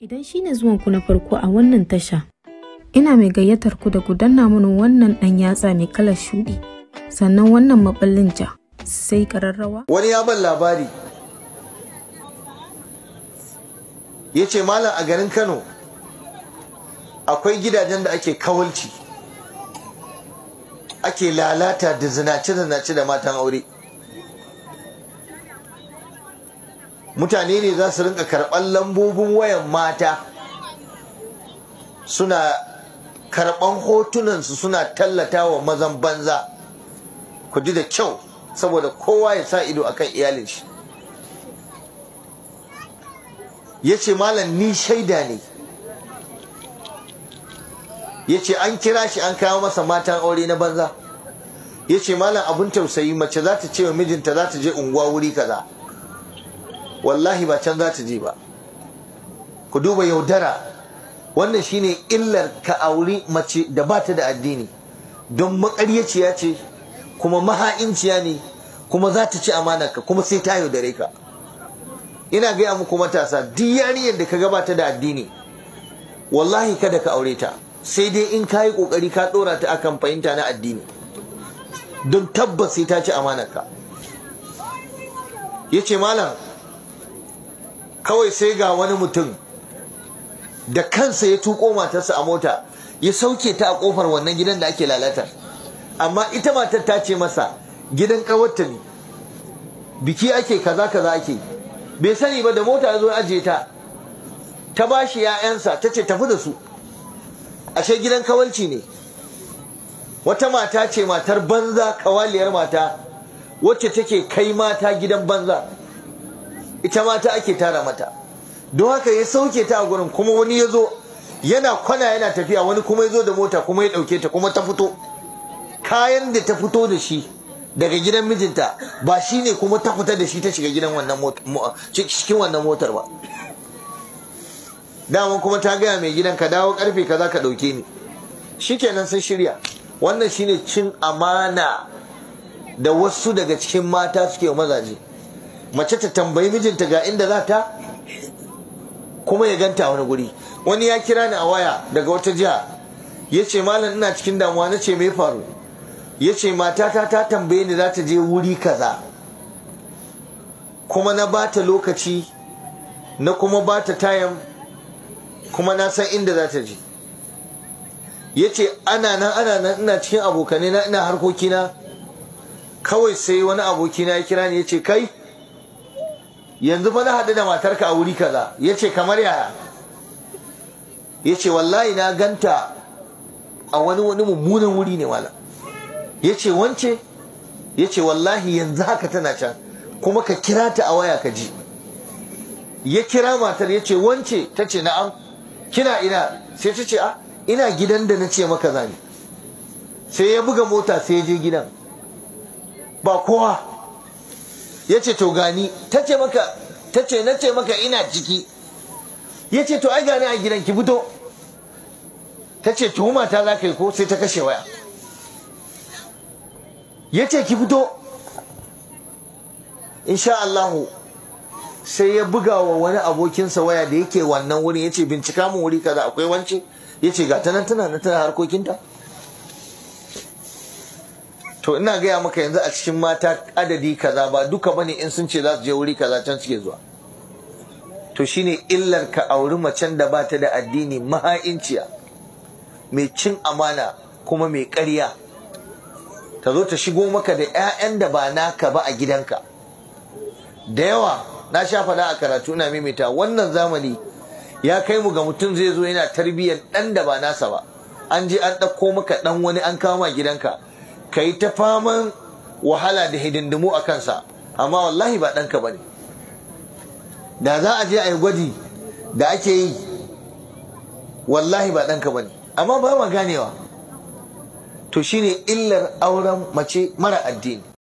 Idan shi ne ku na farko a wannan tasha, ina mai gayyatar ku da ku danna mini wannan ɗan yatsa mai kalar shuɗi, sannan wannan maɓallin ja sai ƙararrawa. Wani ya ban labari, ya ce malam a garin Kano akwai gidajen da ake kawalci, ake lalata da zinace-zinace da matan aure. mutane ne za su rinka karɓar lambobin wayan mata suna karɓan hotunansu suna tallata wa mazan banza ku ji da kyau saboda kowa ya sa ido akan iyalin shi ya ce malam ni shaida ne ya ce an kira shi an kawo masa matan aure na banza ya ce malam abin tausayi mace za ta ce wa mijinta za ta je unguwa wuri kaza wallahi ba can za ta je ba ku duba yaudara wannan shine illar ka auri mace da ba ta da addini don makaryaciya ce kuma maha'inciya ne kuma za ta ci ka kuma sai ta yaudare ka ina gaya muku matasa duk yariyar da ka gabata da addini wallahi kada ka aure ta sai dai in ka yi ƙoƙari ka dora ta akan fahimta na addini don tabbas sai ta ci ka. Ya ce malam kawai sai ga wani mutum da kansa ya tuko matarsa a mota ya sauke ta a kofar wannan gidan da ake lalata amma ita matar ta ce masa gidan kawarta ne biki ake kaza kaza ake bai sani ba da mota ya zo ajiye ta ta shi ya'yansa ta ce tafi da su ashe gidan kawalci ne wata mata ce matar banza kawaliyar mata wacce take kai mata gidan banza ita ma ta ake tara mata don haka ya sauke ta a gurin kuma wani ya zo yana kwana yana tafiya wani kuma ya zo da mota kuma ya ɗauke ta kuma ta fito kayan da ta fito da shi daga gidan mijinta ba shi ne kuma ta fita da shi ta shiga gidan wannan cikin wannan motar ba daman kuma ta gaya mai gidan ka dawo karfe ka za ka ɗauke ni shikenan sun shirya wannan shine cin amana da wasu daga cikin mata suke mazaje mace ta tambayi mijinta ga inda za ta kuma ya ganta wani guri wani ya kira ni a waya daga wata jiya ya ce malam ina cikin damuwa na ce mai faru ya ce matata ta tambaye ni za ta je wuri kaza kuma na ba ta lokaci na kuma ba ta tayan kuma na san inda za ta je ya ce ana nan ana nan ina cikin abokanai na ina harkokina kawai sai wani abokina ya kira ni ya ce kai yanzu ba za haɗu da matarka a wuri kaza ya ce kamar yaya ya ce wallahi na ganta a wani wani mummunan wuri ne wala ya ce wance ya ce wallahi yanzu haka tana can kuma ka kira ta a waya ka ji ya kira matar ya ce wance ta ce na'am kina ina sai ta ce a ah, ina gidan da na ce maka zani sai ya buga mota sai ya je gidan ba kowa ya ce to gani ta ce na ce maka ina ciki ya ce to ai gani a gidan ki fito ta ce tuhuma ta za ka yi ko sai ta kashe waya ya ce ki fito insha Allahu sai ya buga wa wani abokinsa waya da yake wannan wurin ya ce bincika mu wuri kaza akwai wance ya ce ga tana tana na tana harkokinta to ina gaya maka yanzu a cikin mata adadi kaza ba duka bane in sun ce za su je wuri kaza can suke zuwa to shine illar ka auri macen da ba ta da addini maha'inciya mai cin amana kuma mai ƙarya ta zo ta shigo maka da 'ya'yan da ba naka ba a gidanka da yawa na sha faɗa a karatu ina maimaita wannan zamani ya kai mu ga mutum zai zo yana tarbiyyar ɗan da ba nasa ba an je an ɗauko maka ɗan wani an kama gidanka ka yi ta faman wahala da hidindimu a kansa amma wallahi ba ɗanka ba ne da za a je a yi gwaji da ake yi wallahi ba ɗanka ba ne amma ba ma ganewa to shine illar auren mace mara addini